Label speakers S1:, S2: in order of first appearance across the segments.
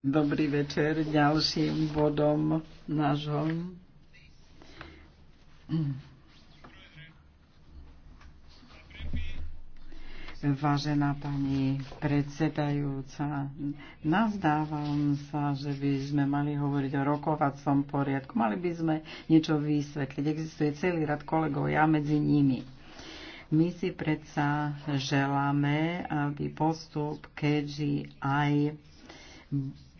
S1: Dobrý večer. Ďalším bodom nášho Vážená pani predsedajúca, nazdávam sa, že by sme mali hovoriť o rokovacom poriadku. Mali by sme niečo vysvetliť. Existuje celý rad kolegov, ja medzi nimi. My si predsa želáme, aby postup KGI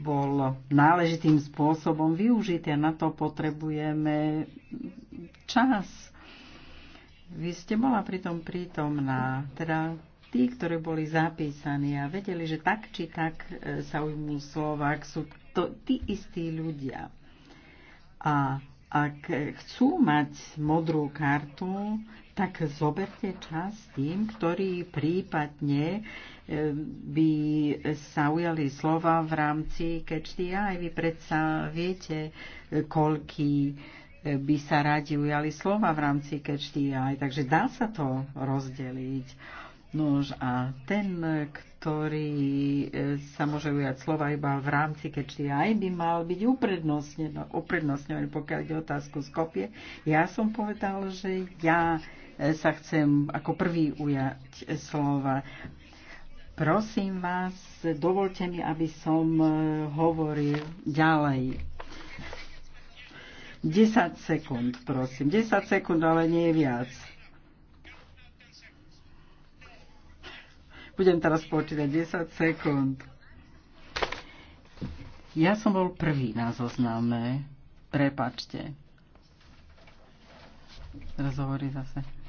S1: bol náležitým spôsobom využitý a na to potrebujeme čas. Vy ste bola pritom prítomná, teda tí, ktorí boli zapísaní a vedeli, že tak či tak e, sa ujmú Slovák, sú to tí istí ľudia. A ak chcú mať modrú kartu, tak zoberte čas tým, ktorí prípadne eh, by sa ujali slova v rámci kečty. Aj vy predsa viete, koľký eh, by sa radi ujali slova v rámci kečty. takže dá sa to rozdeliť. Nož a ten, ktorý e, sa môže ujať slova iba v rámci keďže aj by mal byť no, uprednostňovaný, pokiaľ ide otázku z kopie. Ja som povedal, že ja e, sa chcem ako prvý ujať slova. Prosím vás, dovolte mi, aby som e, hovoril ďalej. 10 sekúnd, prosím. 10 sekúnd, ale nie viac. Budem teraz počítať 10 sekúnd. Ja som bol prvý na zozname. Prepačte. Teraz hovorí zase.